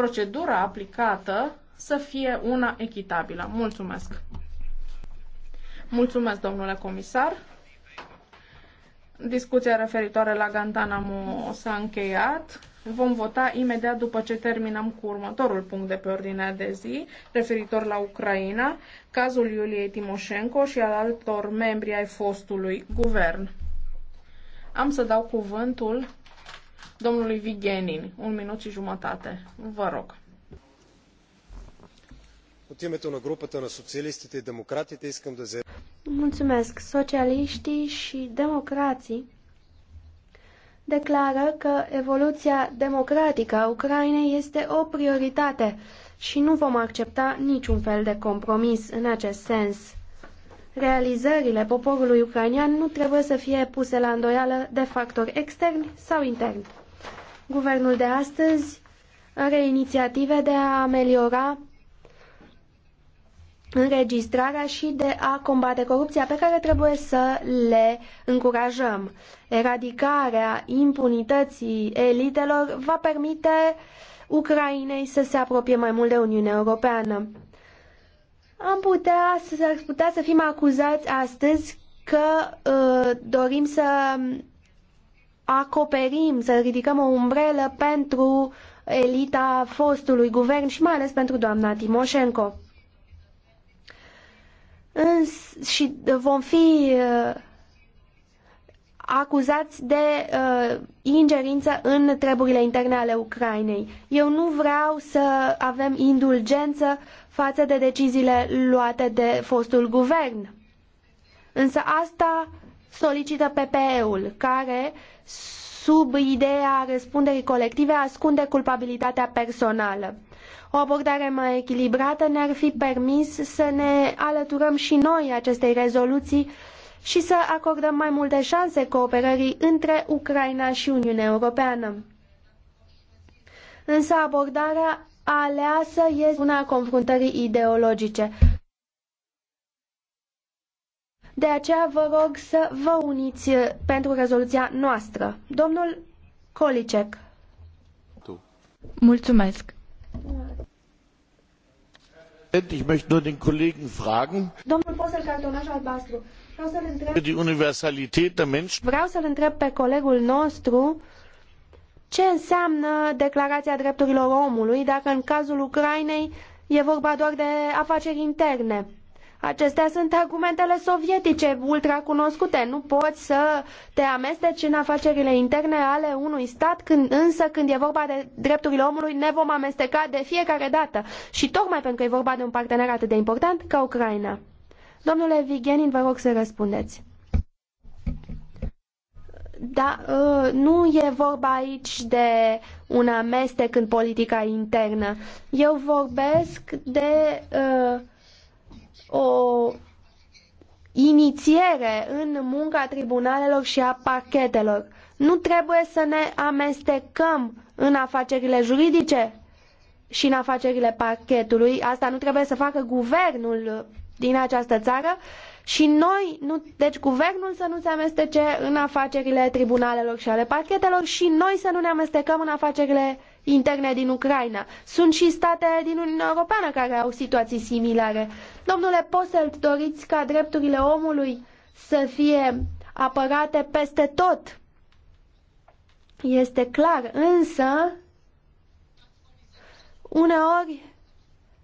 procedura aplicată să fie una echitabilă. Mulțumesc! Mulțumesc, domnule comisar! Discuția referitoare la Guantanamo s-a încheiat. Vom vota imediat după ce terminăm cu următorul punct de pe ordinea de zi, referitor la Ucraina, cazul Iuliei Timoșenko și al altor membri ai fostului guvern. Am să dau cuvântul domnului Vigenin. Un minut și jumătate. Vă rog. От името на групата на социалистите и демократите искам да заявя. Mulțumesc. Socialiștii și democrații declară că evoluția democratică a Ucrainei este o prioritate și nu vom accepta niciun fel de compromis în acest sens. Realizările poporului ucrainean nu trebuie să fie puse la îndoială de factori externi sau interni. Guvernul de astăzi are inițiative de a ameliora înregistrarea și de a combate corupția pe care trebuie să le încurajăm. Eradicarea impunității elitelor va permite Ucrainei să se apropie mai mult de Uniunea Europeană. Am putea să, ar putea să fim acuzați astăzi că uh, dorim să acoperim, să ridicăm o umbrelă pentru elita fostului guvern și mai ales pentru doamna Timoșenko. Îns, și vom fi uh, acuzați de uh, ingerință în treburile interne ale Ucrainei. Eu nu vreau să avem indulgență față de deciziile luate de fostul guvern. Însă asta solicită PPE-ul, care, sub ideea răspunderii colective, ascunde culpabilitatea personală. O abordare mai echilibrată ne-ar fi permis să ne alăturăm și noi acestei rezoluții și să acordăm mai multe șanse cooperării între Ucraina și Uniunea Europeană. Însă abordarea aleasă este una a confruntării ideologice. De aceea vă rog să vă uniți eh, pentru rezoluția noastră. Domnul Kolicek. Tu. Mulțumesc. Ich möchte nur den Kollegen fragen. die Universalität der Albastru. Vreau să-l întreb... Universalitate Menschen. Vreau să-l întreb pe colegul nostru ce înseamnă Declarația Drepturilor Omului dacă în cazul Ucrainei e vorba doar de afaceri interne. Acestea sunt argumentele sovietice ultracunoscute. Nu poți să te amesteci în afacerile interne ale unui stat, când, însă când e vorba de drepturile omului ne vom amesteca de fiecare dată. Și tocmai pentru că e vorba de un partener atât de important ca Ucraina. Domnule Vigenin, vă rog să răspundeți. Da, ă, nu e vorba aici de un amestec în politica internă. Eu vorbesc de uh, inițiere în munca tribunalelor și a parchetelor. Nu trebuie să ne amestecăm în afacerile juridice și în afacerile parchetului. Asta nu trebuie să facă guvernul din această țară și noi, nu, deci guvernul să nu se amestece în afacerile tribunalelor și ale parchetelor și noi să nu ne amestecăm în afacerile interne din Ucraina. Sunt și state din Uniunea Europeană care au situații similare. Domnule Posselt, doriți ca drepturile omului să fie apărate peste tot. Este clar, însă, uneori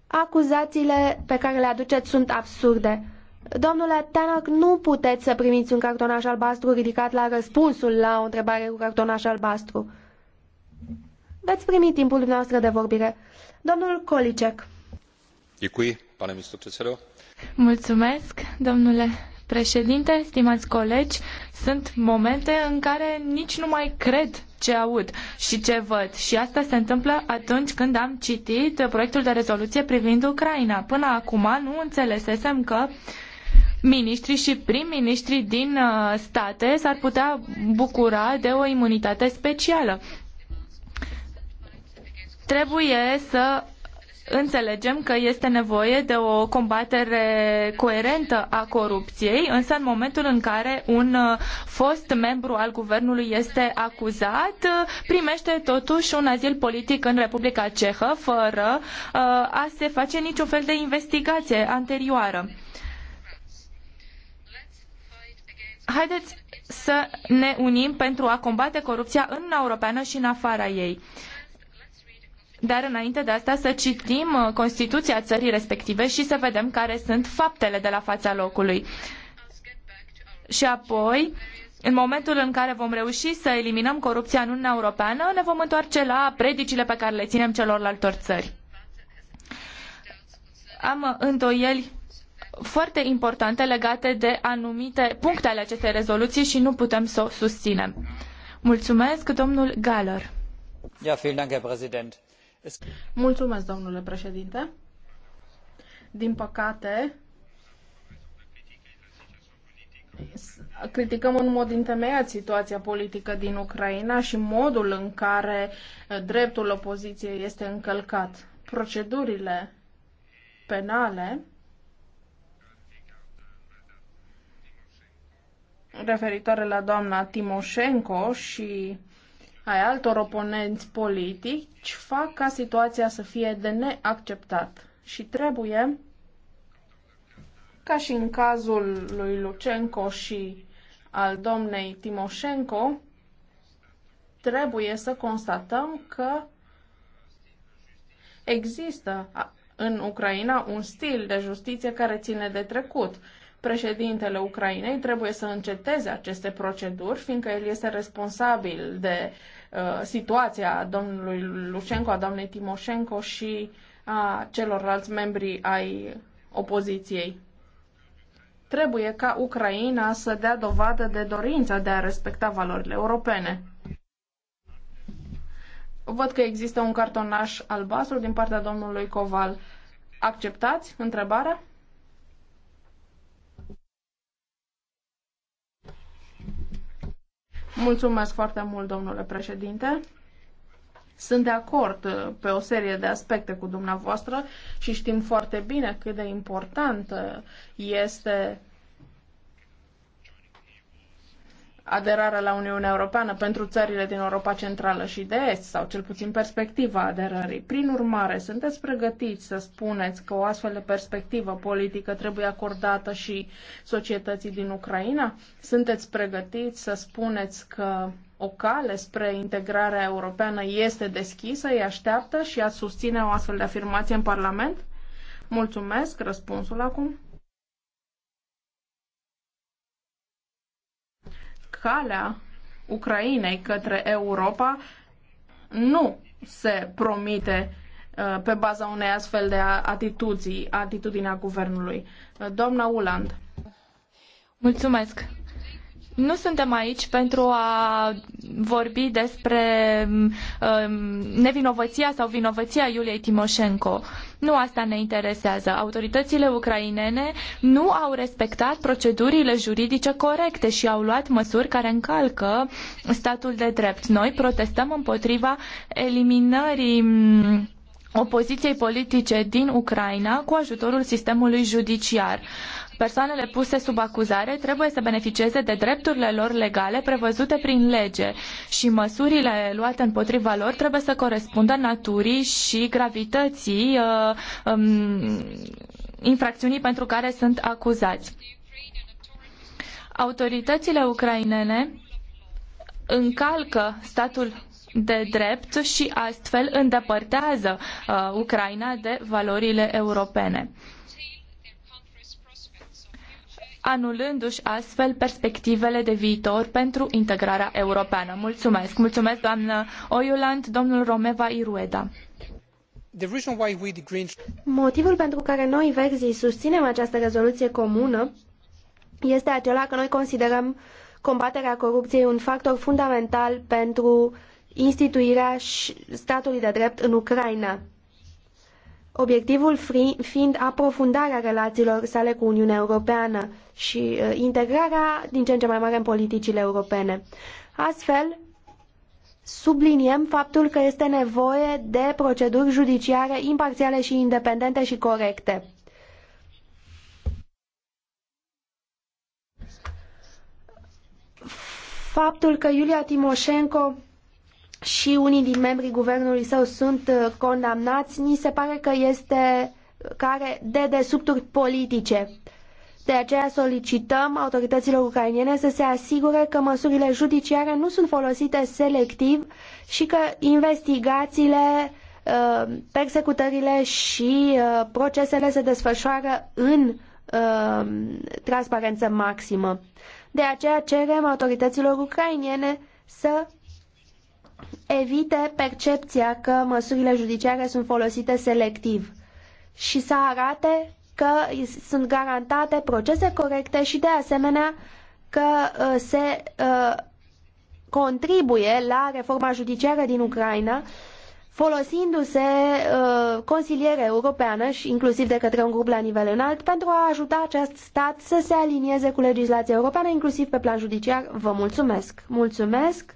acuzațiile pe care le aduceți sunt absurde. Domnule Tanok, nu puteți să primiți un cartonaș albastru ridicat la răspunsul la o întrebare cu cartonaș albastru. Veți primi timpul dumneavoastră de vorbire. Domnul Kolicek. Děkuji, pane místopředsedo. Mulțumesc, domnule președinte, stimați colegi, sunt momente în care nici nu mai cred ce aud și ce văd. Și asta se întâmplă atunci când am citit proiectul de rezoluție privind Ucraina. Până acum nu înțelesesem că miniștrii și prim ministrii din uh, state s-ar putea bucura de o imunitate specială. Trebuie să înțelegem că este nevoie de o combatere coerentă a corupției, însă în momentul în care un uh, fost membru al guvernului este acuzat, uh, primește totuși un azil politic în Republica Cehă, fără uh, a se face niciun fel de investigație anterioară. Haideți să ne unim pentru a combate corupția în Uniunea Europeană și în afara ei. Uh, dar înainte de asta să citim uh, Constituția țării respective și să vedem care sunt faptele de la fața locului. Și apoi, în momentul în care vom reuși să eliminăm corupția în Uniunea Europeană, ne vom întoarce la predicile pe care le ținem celorlaltor țări. Am îndoieli foarte importante legate de anumite puncte ale acestei rezoluții și nu putem să o susținem. Mulțumesc, domnul Galler. Ja, vielen Dank, Herr Präsident Mulțumesc, domnule președinte. Din păcate, criticăm în mod întemeiat situația politică din Ucraina și modul în care eh, dreptul opoziției este încălcat. Procedurile penale referitoare la doamna Timoșenko și ai altor oponenți politici fac ca situația să fie de neacceptat și trebuie, ca și în cazul lui Lucenco și al domnei Timoșenco, trebuie să constatăm că există în Ucraina un stil de justiție care ține de trecut președintele Ucrainei trebuie să înceteze aceste proceduri, fiindcă el este responsabil de uh, situația domnului Lucenco, a doamnei Timoșenco și a celorlalți membri ai opoziției. Trebuie ca Ucraina să dea dovadă de dorința de a respecta valorile europene. Văd că există un cartonaș albastru din partea domnului Coval. Acceptați întrebarea? Mulțumesc foarte mult, domnule președinte. Sunt de acord uh, pe o serie de aspecte cu dumneavoastră și știm foarte bine cât de importantă uh, este aderarea la Uniunea Europeană pentru țările din Europa Centrală și de Est, sau cel puțin perspectiva aderării. Prin urmare, sunteți pregătiți să spuneți că o astfel de perspectivă politică trebuie acordată și societății din Ucraina? Sunteți pregătiți să spuneți că o cale spre integrarea europeană este deschisă, îi așteaptă și a susține o astfel de afirmație în Parlament? Mulțumesc, răspunsul acum. calea Ucrainei către Europa nu se promite uh, pe baza unei astfel de atitudini, atitudinea guvernului. Uh, doamna Uland. Mulțumesc. Nu suntem aici pentru a vorbi despre um, nevinovăția sau vinovăția Iuliei Timoșenco. Nu asta ne interesează. Autoritățile ucrainene nu au respectat procedurile juridice corecte și au luat măsuri care încalcă statul de drept. Noi protestăm împotriva eliminării um, opoziției politice din Ucraina cu ajutorul sistemului judiciar. Persoanele puse sub acuzare trebuie să beneficieze de drepturile lor legale prevăzute prin lege și măsurile luate împotriva lor trebuie să corespundă naturii și gravității uh, um, infracțiunii pentru care sunt acuzați. Autoritățile ucrainene încalcă statul de drept și astfel îndepărtează uh, Ucraina de valorile europene anulându-și astfel perspectivele de viitor pentru integrarea europeană. Mulțumesc! Mulțumesc, doamnă Oiuland, domnul Romeva Irueda. Motivul pentru care noi, Verzii, susținem această rezoluție comună este acela că noi considerăm combaterea corupției un factor fundamental pentru instituirea statului de drept în Ucraina obiectivul fiind aprofundarea relațiilor sale cu Uniunea Europeană și uh, integrarea din ce în ce mai mare în politicile europene. Astfel, subliniem faptul că este nevoie de proceduri judiciare imparțiale și independente și corecte. Faptul că Iulia Timoșenko și unii din membrii guvernului său sunt uh, condamnați, ni se pare că este care de desubturi politice. De aceea solicităm autorităților ucrainene să se asigure că măsurile judiciare nu sunt folosite selectiv și că investigațiile, uh, persecutările și uh, procesele se desfășoară în transparență maximă. De aceea cerem autorităților ucrainene să evite percepția că măsurile judiciare sunt folosite selectiv și să arate că sunt garantate procese corecte și de asemenea că uh, se uh, contribuie la reforma judiciară din Ucraina folosindu-se uh, consiliere europeană și inclusiv de către un grup la nivel înalt pentru a ajuta acest stat să se alinieze cu legislația europeană, inclusiv pe plan judiciar. Vă mulțumesc! Mulțumesc!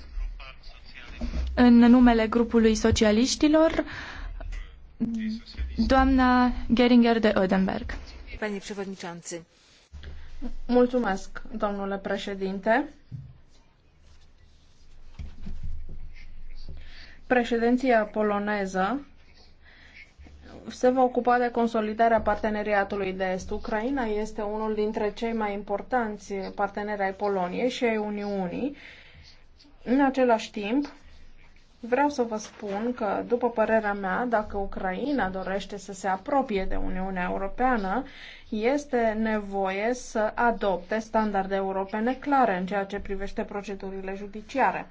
în numele grupului socialiștilor, doamna Geringer de Oedenberg. Mulțumesc, domnule președinte. Președinția poloneză se va ocupa de consolidarea parteneriatului de est. Ucraina este unul dintre cei mai importanți parteneri ai Poloniei și ai Uniunii. În același timp, Vreau să vă spun că, după părerea mea, dacă Ucraina dorește să se apropie de Uniunea Europeană, este nevoie să adopte standarde europene clare în ceea ce privește procedurile judiciare.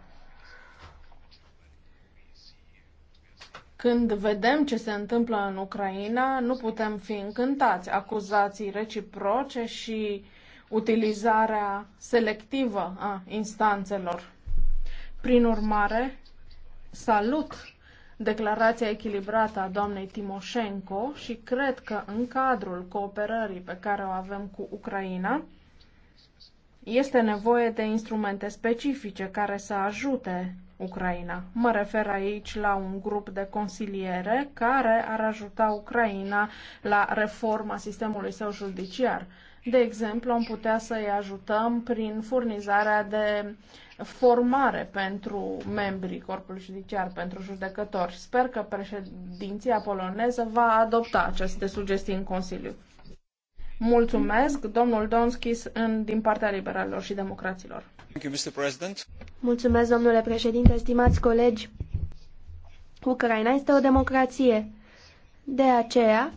Când vedem ce se întâmplă în Ucraina, nu putem fi încântați. Acuzații reciproce și utilizarea selectivă a instanțelor. Prin urmare, Salut declarația echilibrată a doamnei Timoșenko și cred că în cadrul cooperării pe care o avem cu Ucraina este nevoie de instrumente specifice care să ajute Ucraina. Mă refer aici la un grup de consiliere care ar ajuta Ucraina la reforma sistemului său judiciar. De exemplu, am putea să-i ajutăm prin furnizarea de formare pentru membrii corpului judiciar, pentru judecători. Sper că președinția poloneză va adopta aceste sugestii în Consiliu. Mulțumesc, domnul Donskis, în, din partea liberalilor și democraților. Mulțumesc, domnule președinte, stimați colegi. Ucraina este o democrație. De aceea,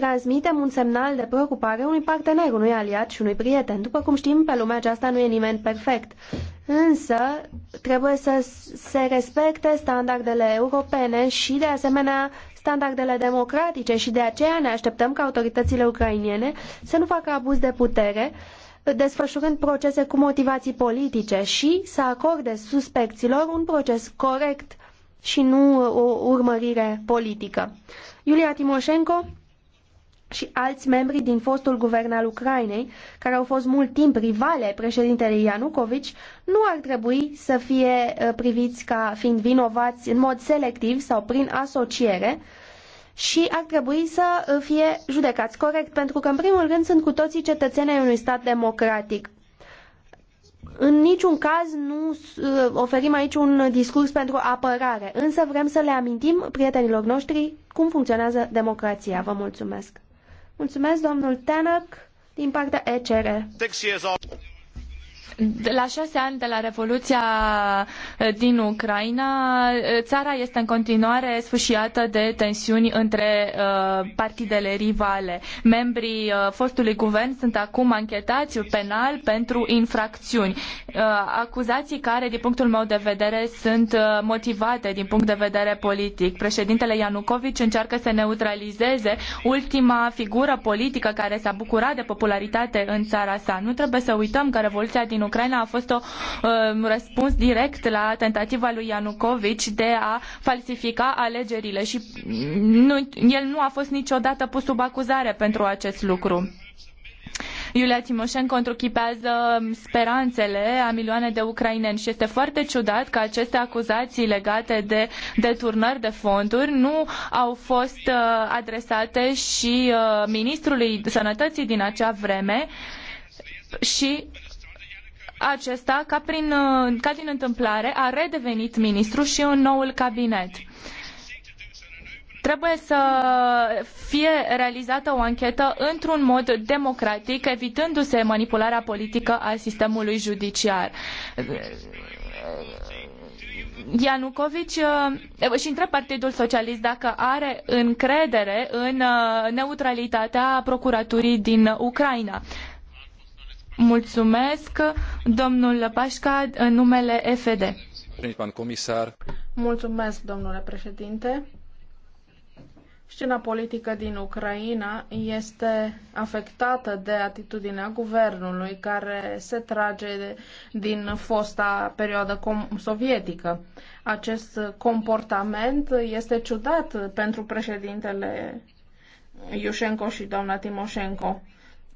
transmitem un semnal de preocupare unui partener, unui aliat și unui prieten. După cum știm, pe lumea aceasta nu e nimeni perfect. Însă, trebuie să se respecte standardele europene și, de asemenea, standardele democratice și de aceea ne așteptăm ca autoritățile ucrainene să nu facă abuz de putere, desfășurând procese cu motivații politice și să acorde suspecților un proces corect și nu o urmărire politică. Iulia Timoșenko și alți membri din fostul guvern al Ucrainei, care au fost mult timp rivale ai președintelui Ianucovici, nu ar trebui să fie uh, priviți ca fiind vinovați în mod selectiv sau prin asociere și ar trebui să uh, fie judecați corect, pentru că, în primul rând, sunt cu toții cetățeni ai unui stat democratic. În niciun caz nu uh, oferim aici un discurs pentru apărare, însă vrem să le amintim prietenilor noștri cum funcționează democrația. Vă mulțumesc! Mulțumesc, domnul Tanak, din partea ECR. La șase ani de la Revoluția eh, din Ucraina, eh, țara este în continuare sfâșiată de tensiuni între eh, partidele rivale. Membrii fostului guvern sunt acum anchetați penal pentru infracțiuni. Acuzații care, din punctul meu de vedere, sunt motivate din punct de vedere politic. Președintele Ianucovici încearcă să neutralizeze ultima figură politică care s-a bucurat de popularitate în țara sa. Nu trebuie să uităm că Revoluția din Ucraina a fost un um, răspuns direct la tentativa lui Ianucovici de a falsifica alegerile și mm, nu, el nu a fost niciodată pus sub acuzare pentru acest lucru. Iulia Timoșenko întruchipează um, speranțele a milioane de ucraineni și este foarte ciudat că aceste acuzații legate de deturnări de fonduri nu au fost uh, adresate și uh, ministrului sănătății din acea vreme și acesta, ca, prin, uh, ca din întâmplare, a redevenit ministru și în noul cabinet. Trebuie să fie realizată o anchetă într-un mod democratic, evitându-se manipularea politică a sistemului judiciar. Ianucovici uh, și întreb Partidul Socialist dacă are încredere în uh, neutralitatea procuraturii din Ucraina. Mulțumesc, domnul Pașca, în numele FD. Mulțumesc, domnule președinte. Scena politică din Ucraina este afectată de atitudinea guvernului care se trage din fosta perioadă sovietică. Acest comportament este ciudat pentru președintele Iușenko și doamna Timoșenko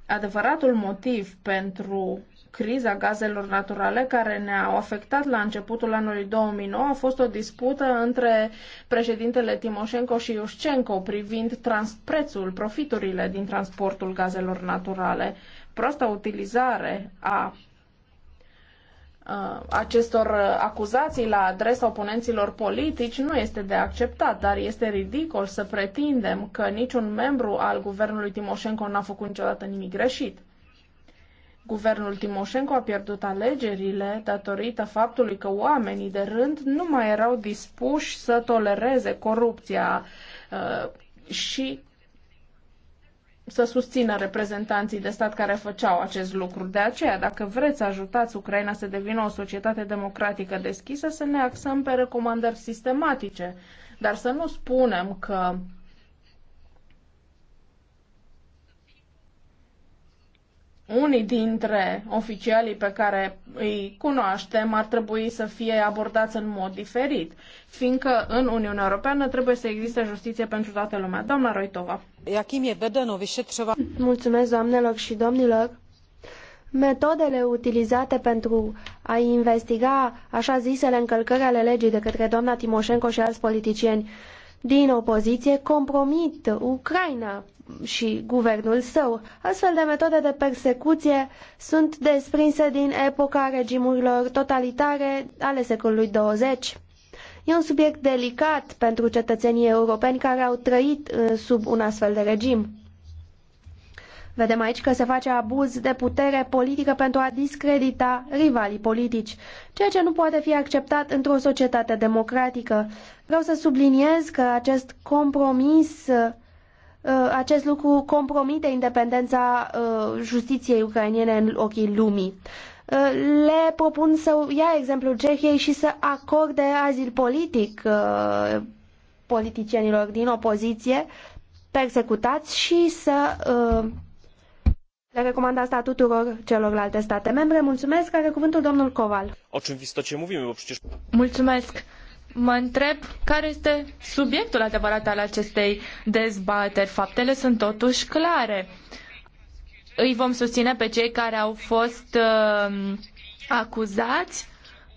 adevăratul motiv pentru criza gazelor naturale care ne-au afectat la începutul anului 2009 a fost o dispută între președintele Timoșenko și Iușcenko privind trans- prețul, profiturile din transportul gazelor naturale. Proasta utilizare a Uh, acestor uh, acuzații la adresa oponenților politici nu este de acceptat, dar este ridicol să pretindem că niciun membru al guvernului Timoshenko n-a făcut niciodată nimic greșit. Guvernul Timoshenko a pierdut alegerile datorită faptului că oamenii de rând nu mai erau dispuși să tolereze corupția uh, și să susțină reprezentanții de stat care făceau acest lucru. De aceea, dacă vreți să ajutați Ucraina să devină o societate democratică deschisă, să ne axăm pe recomandări sistematice, dar să nu spunem că unii dintre oficialii pe care îi cunoaștem ar trebui să fie abordați în mod diferit, fiindcă în Uniunea Europeană trebuie să existe justiție pentru toată lumea. Doamna Roitova. Mulțumesc, doamnelor și domnilor. Metodele utilizate pentru a investiga așa zisele încălcări ale legii de către doamna Timoșenco și alți politicieni din opoziție compromit Ucraina și guvernul său. Astfel de metode de persecuție sunt desprinse din epoca regimurilor totalitare ale secolului 20. E un subiect delicat pentru cetățenii europeni care au trăit eh, sub un astfel de regim. Vedem aici că se face abuz de putere politică pentru a discredita rivalii politici, ceea ce nu poate fi acceptat într-o societate democratică. Vreau să subliniez că acest compromis, uh, uh, acest lucru compromite independența uh, justiției ucrainiene în ochii lumii le propun să ia exemplul Cehiei și să acorde azil politic politicienilor din opoziție persecutați și să le recomand asta tuturor celorlalte state membre. Mulțumesc. Are cuvântul domnul Coval. Mulțumesc. Mă întreb care este subiectul adevărat al acestei dezbateri. Faptele sunt totuși clare. Îi vom susține pe cei care au fost uh, acuzați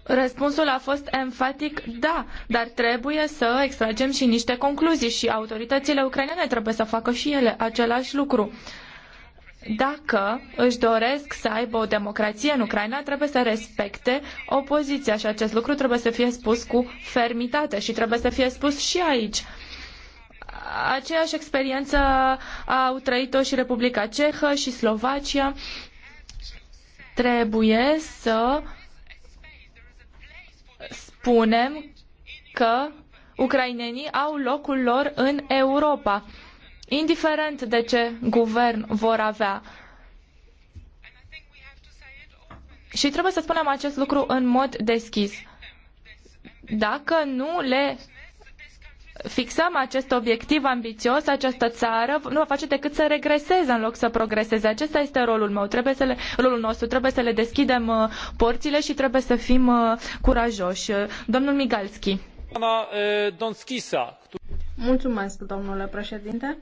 Răspunsul a fost enfatic da, dar trebuie să extragem și niște concluzii și autoritățile ucrainene trebuie să facă și ele același lucru dacă își doresc să aibă o democrație în Ucraina, trebuie să respecte opoziția și acest lucru trebuie să fie spus cu fermitate și trebuie să fie spus și aici. Aceeași experiență au trăit-o și Republica Cehă și Slovacia. Trebuie să spunem că ucrainenii au locul lor în Europa indiferent de ce guvern vor avea. Și trebuie să spunem acest lucru în mod deschis. Dacă nu le fixăm acest obiectiv ambițios, această țară nu va face decât să regreseze în loc să progreseze. Acesta este rolul meu, trebuie să le, rolul nostru, trebuie să le deschidem uh, porțile și trebuie să fim uh, curajoși. Domnul Migalski. Doamna uh, Donskisa, Mulțumesc, domnule președinte.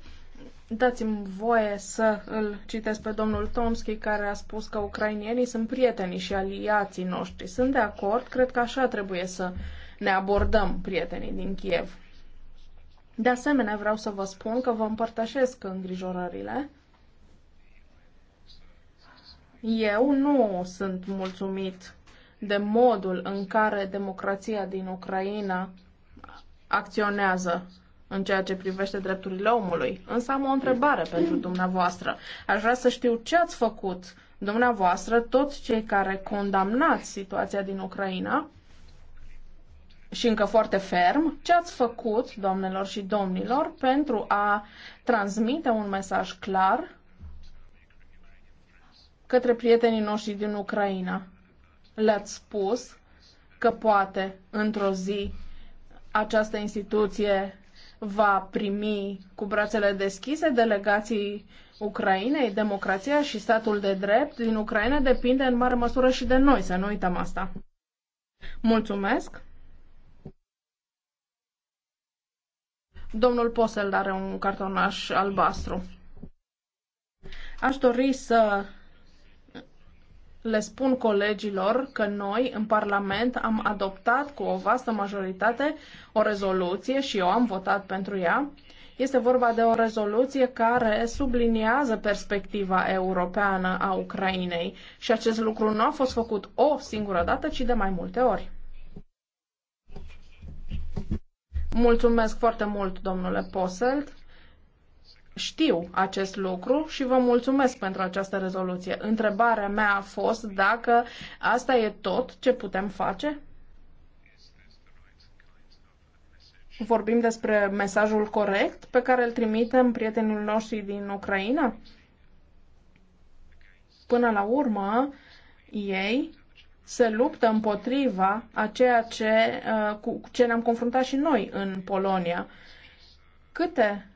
Dați-mi voie să îl citesc pe domnul Tomski, care a spus că ucrainienii sunt prietenii și aliații noștri. Sunt de acord, cred că așa trebuie să ne abordăm prietenii din Kiev. De asemenea, vreau să vă spun că vă împărtășesc îngrijorările. Eu nu sunt mulțumit de modul în care democrația din Ucraina acționează în ceea ce privește drepturile omului. Însă am o întrebare pentru dumneavoastră. Aș vrea să știu ce ați făcut dumneavoastră, toți cei care condamnați situația din Ucraina și încă foarte ferm, ce ați făcut, doamnelor și domnilor, pentru a transmite un mesaj clar către prietenii noștri din Ucraina. Le-ați spus că poate într-o zi această instituție va primi cu brațele deschise delegații Ucrainei, democrația și statul de drept din Ucraina depinde în mare măsură și de noi, să nu uităm asta. Mulțumesc! Domnul Posel are un cartonaș albastru. Aș dori să le spun colegilor că noi în Parlament am adoptat cu o vastă majoritate o rezoluție și eu am votat pentru ea. Este vorba de o rezoluție care subliniază perspectiva europeană a Ucrainei și acest lucru nu a fost făcut o singură dată, ci de mai multe ori. Mulțumesc foarte mult, domnule Poselt. Știu acest lucru și vă mulțumesc pentru această rezoluție. Întrebarea mea a fost dacă asta e tot ce putem face? Vorbim despre mesajul corect pe care îl trimitem prietenilor noștri din Ucraina? Până la urmă, ei se luptă împotriva a ceea ce, uh, cu ce ne-am confruntat și noi în Polonia. Câte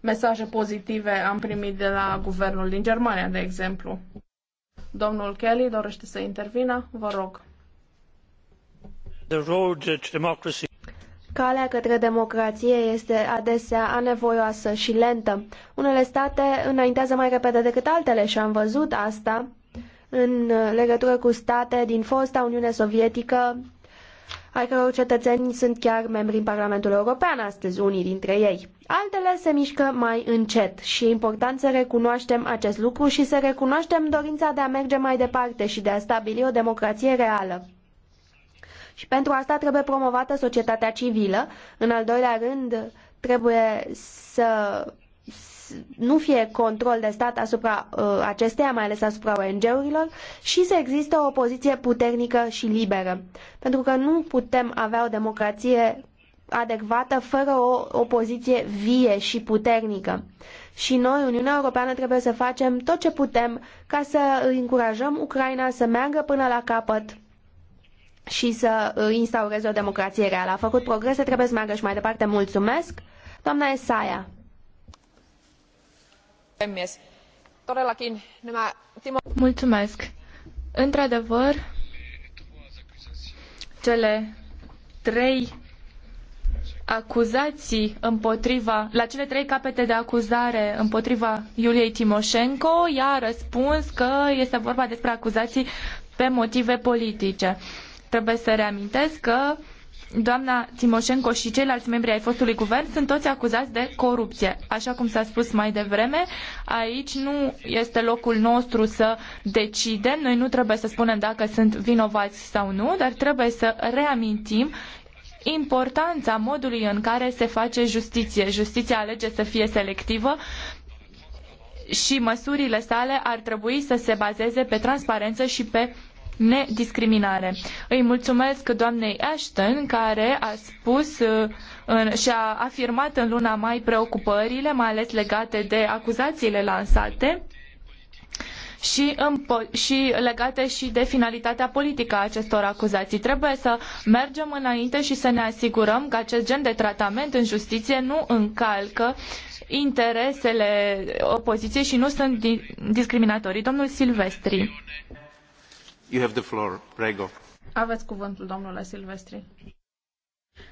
mesaje pozitive am primit de la guvernul din Germania, de exemplu. Domnul Kelly dorește să intervină, vă rog. The road to democracy. Calea către democrație este adesea anevoioasă și lentă. Unele state înaintează mai repede decât altele și am văzut asta în legătură cu state din fosta Uniune Sovietică, ai căror cetățeni sunt chiar membri în Parlamentul European astăzi, unii dintre ei. Altele se mișcă mai încet și e important să recunoaștem acest lucru și să recunoaștem dorința de a merge mai departe și de a stabili o democrație reală. Și pentru asta trebuie promovată societatea civilă. În al doilea rând, trebuie să nu fie control de stat asupra uh, acesteia, mai ales asupra ONG-urilor, și să existe o opoziție puternică și liberă. Pentru că nu putem avea o democrație adecvată fără o opoziție vie și puternică. Și noi, Uniunea Europeană, trebuie să facem tot ce putem ca să încurajăm Ucraina să meargă până la capăt și să uh, instaureze o democrație reală. A făcut progrese, trebuie să meargă și mai departe. Mulțumesc! Doamna Esaia într adevăr cele trei acuzații împotriva, la cele trei capete de acuzare împotriva Iuliei Timoșenko, ea a răspuns că este vorba despre acuzații pe motive politice. Trebuie să reamintesc că doamna Timoșenko și ceilalți membri ai fostului guvern sunt toți acuzați de corupție. Așa cum s-a spus mai devreme, aici nu este locul nostru să decidem, noi nu trebuie să spunem dacă sunt vinovați sau nu, dar trebuie să reamintim importanța modului în care se face justiție. Justiția alege să fie selectivă și măsurile sale ar trebui să se bazeze pe transparență și pe nediscriminare. Îi mulțumesc doamnei Ashton care a spus uh, și a afirmat în luna mai preocupările, mai ales legate de acuzațiile lansate și, și legate și de finalitatea politică a acestor acuzații. Trebuie să mergem înainte și să ne asigurăm că acest gen de tratament în justiție nu încalcă interesele opoziției și nu sunt discriminatorii. Domnul Silvestri. You have the floor. Prego. Aveți cuvântul, domnule Silvestri.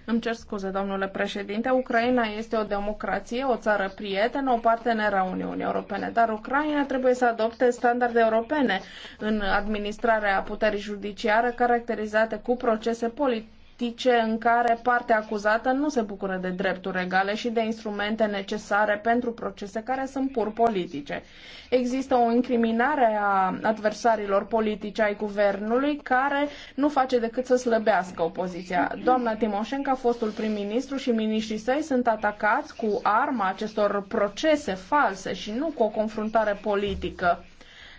Îmi cer scuze, domnule președinte. Ucraina este o democrație, o țară prietenă, o parteneră a Uniunii Europene, dar Ucraina trebuie să adopte standarde europene în administrarea puterii judiciară caracterizate cu procese politice practice în care partea acuzată nu se bucură de drepturi egale și de instrumente necesare pentru procese care sunt pur politice. Există o incriminare a adversarilor politici ai guvernului care nu face decât să slăbească opoziția. Doamna Timoșenca, fostul prim-ministru și miniștrii săi sunt atacați cu arma acestor procese false și nu cu o confruntare politică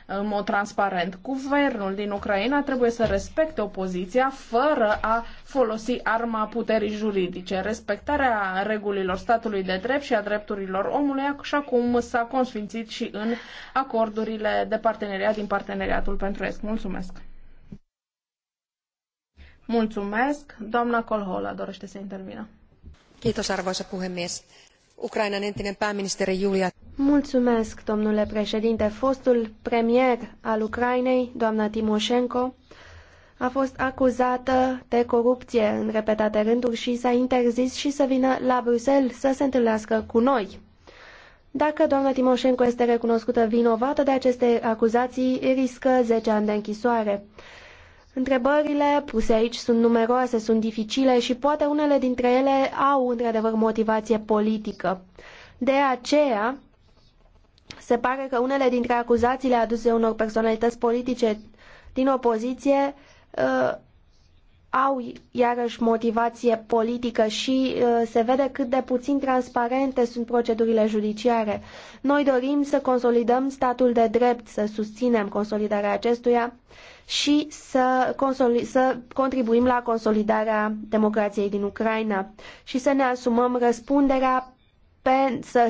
în mod transparent. Guvernul din Ucraina trebuie să respecte opoziția fără a folosi arma puterii juridice. Respectarea regulilor statului de drept și a drepturilor omului, așa cum s-a consfințit și în acordurile de parteneriat din Parteneriatul pentru Est. Mulțumesc! Mulțumesc. Doamna Colhola dorește să intervină. Kiitos arvoisa puhemies. Ukrainan entinen pääministeri Julia Mulțumesc, domnule președinte. Fostul premier al Ucrainei, doamna Timoșenko, a fost acuzată de corupție în repetate rânduri și s-a interzis și să vină la Bruxelles să se întâlnească cu noi. Dacă doamna Timoșenko este recunoscută vinovată de aceste acuzații, riscă 10 ani de închisoare. Întrebările puse aici sunt numeroase, sunt dificile și poate unele dintre ele au într-adevăr motivație politică. De aceea, se pare că unele dintre acuzațiile aduse unor personalități politice din opoziție uh, au iarăși motivație politică și uh, se vede cât de puțin transparente sunt procedurile judiciare. Noi dorim să consolidăm statul de drept, să susținem consolidarea acestuia și să, să contribuim la consolidarea democrației din Ucraina și să ne asumăm răspunderea pe, să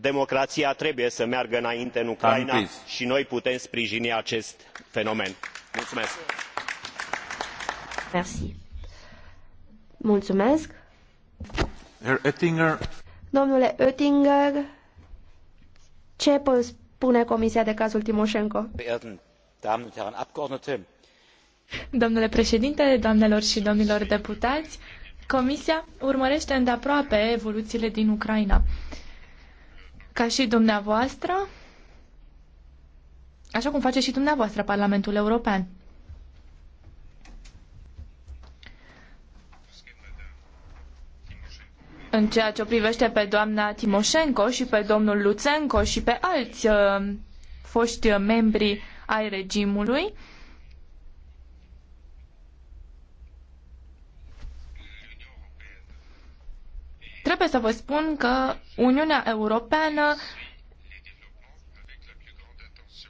democraia trebuie să meargă înainte în ucraina i noi putem sprijini acest fenomen. Mulțumesc. Oettinger. Domnule Oettinger, ce spune Comisia de cazul Timoshenko? Domnule președinte, doamnelor și domnilor deputați, Comisia urmărește îndeaproape evoluțiile din Ucraina ca și dumneavoastră, așa cum face și dumneavoastră Parlamentul European. În ceea ce o privește pe doamna Timoshenko și pe domnul Luțenko și pe alți uh, foști membri ai regimului, Trebuie să vă spun că Uniunea Europeană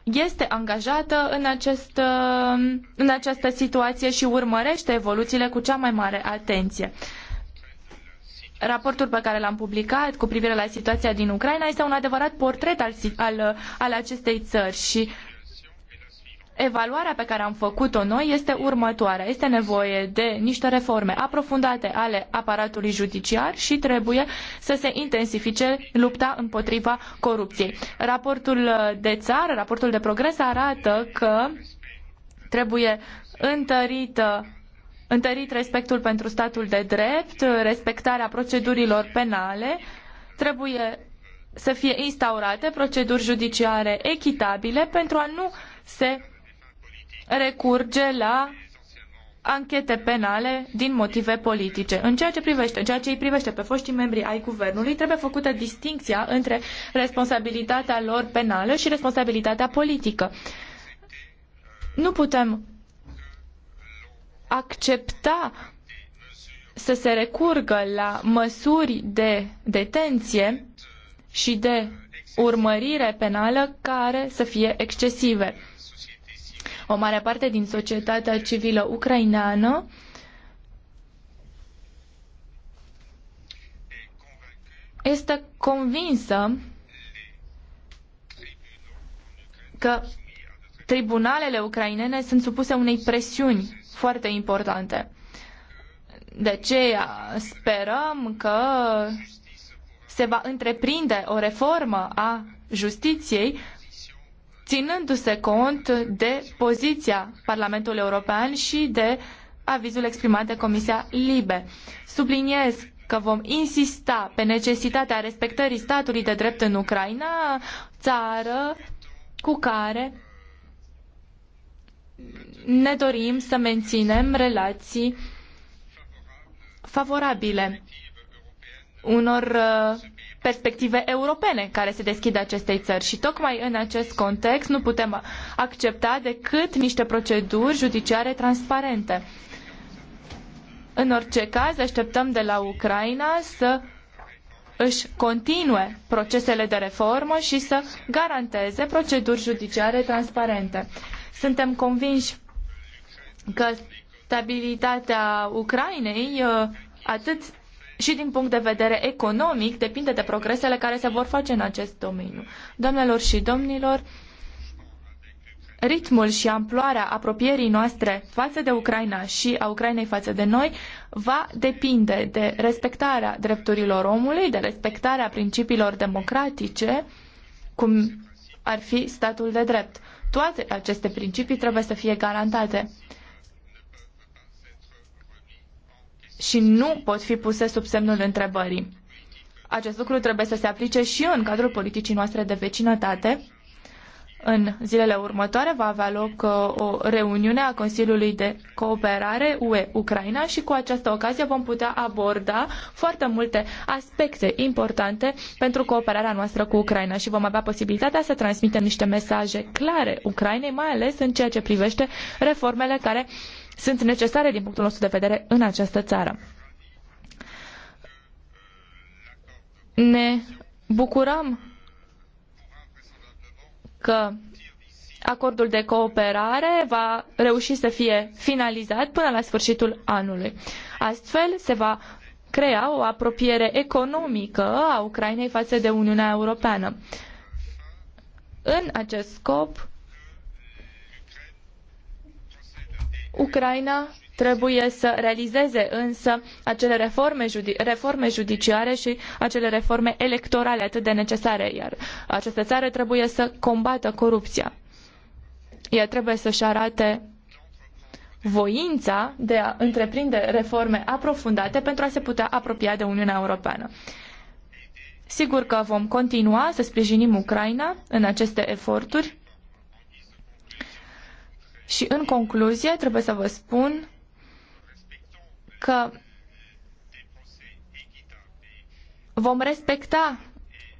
este angajată în, acest, în această situație și urmărește evoluțiile cu cea mai mare atenție. Raportul pe care l-am publicat cu privire la situația din Ucraina este un adevărat portret al, al, al acestei țări și evaluarea pe care am făcut-o noi este următoarea. Este nevoie de niște reforme aprofundate ale aparatului judiciar și trebuie să se intensifice lupta împotriva corupției. Raportul de țară, raportul de progres arată că trebuie întărită întărit respectul pentru statul de drept, respectarea procedurilor penale, trebuie să fie instaurate proceduri judiciare echitabile pentru a nu se recurge la anchete penale din motive politice. În ceea ce privește, în ceea ce îi privește pe foștii membri ai guvernului, trebuie făcută distinția între responsabilitatea lor penală și responsabilitatea politică. Nu putem accepta să se recurgă la măsuri de detenție și de urmărire penală care să fie excesive o mare parte din societatea civilă ucraineană este convinsă că tribunalele ucrainene sunt supuse unei presiuni foarte importante. De aceea sperăm că se va întreprinde o reformă a justiției ținându-se cont de poziția Parlamentului European și de avizul exprimat de Comisia Libe. Subliniez că vom insista pe necesitatea respectării statului de drept în Ucraina, țară cu care ne dorim să menținem relații favorabile unor uh, perspective europene care se deschid acestei țări și tocmai în acest context nu putem accepta decât niște proceduri judiciare transparente. În orice caz, așteptăm de la Ucraina să își continue procesele de reformă și să garanteze proceduri judiciare transparente. Suntem convinși că stabilitatea Ucrainei, uh, atât și din punct de vedere economic depinde de progresele care se vor face în acest domeniu. Doamnelor și domnilor, ritmul și amploarea apropierii noastre față de Ucraina și a Ucrainei față de noi va depinde de respectarea drepturilor omului, de respectarea principiilor democratice, cum ar fi statul de drept. Toate aceste principii trebuie să fie garantate. și nu pot fi puse sub semnul întrebării. Acest lucru trebuie să se aplice și în cadrul politicii noastre de vecinătate. În zilele următoare va avea loc uh, o reuniune a Consiliului de Cooperare UE-Ucraina și cu această ocazie vom putea aborda foarte multe aspecte importante pentru cooperarea noastră cu Ucraina și vom avea posibilitatea să transmitem niște mesaje clare Ucrainei, mai ales în ceea ce privește reformele care sunt necesare din punctul nostru de vedere în această țară. Ne bucurăm că acordul de cooperare va reuși să fie finalizat până la sfârșitul anului. Astfel se va crea o apropiere economică a Ucrainei față de Uniunea Europeană. În acest scop, Ucraina trebuie să realizeze însă acele reforme, judi reforme judiciare și acele reforme electorale atât de necesare, iar această țară trebuie să combată corupția. Ea trebuie să-și arate voința de a întreprinde reforme aprofundate pentru a se putea apropia de Uniunea Europeană. Sigur că vom continua să sprijinim Ucraina în aceste eforturi și în concluzie, trebuie să vă spun că vom respecta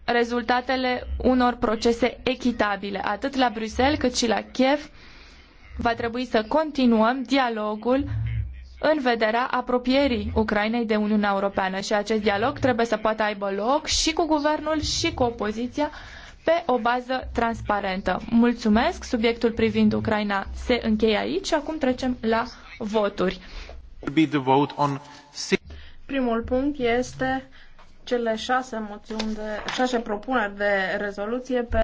rezultatele unor procese echitabile, atât la Bruxelles cât și la Kiev. Va trebui să continuăm dialogul în vederea apropierii Ucrainei de Uniunea Europeană și acest dialog trebuie să poată aibă loc și cu guvernul și cu opoziția pe o bază transparentă. Mulțumesc, subiectul privind Ucraina se încheie aici și acum trecem la voturi. Primul punct este cele șase, moțiuni de, șase propuneri de rezoluție pe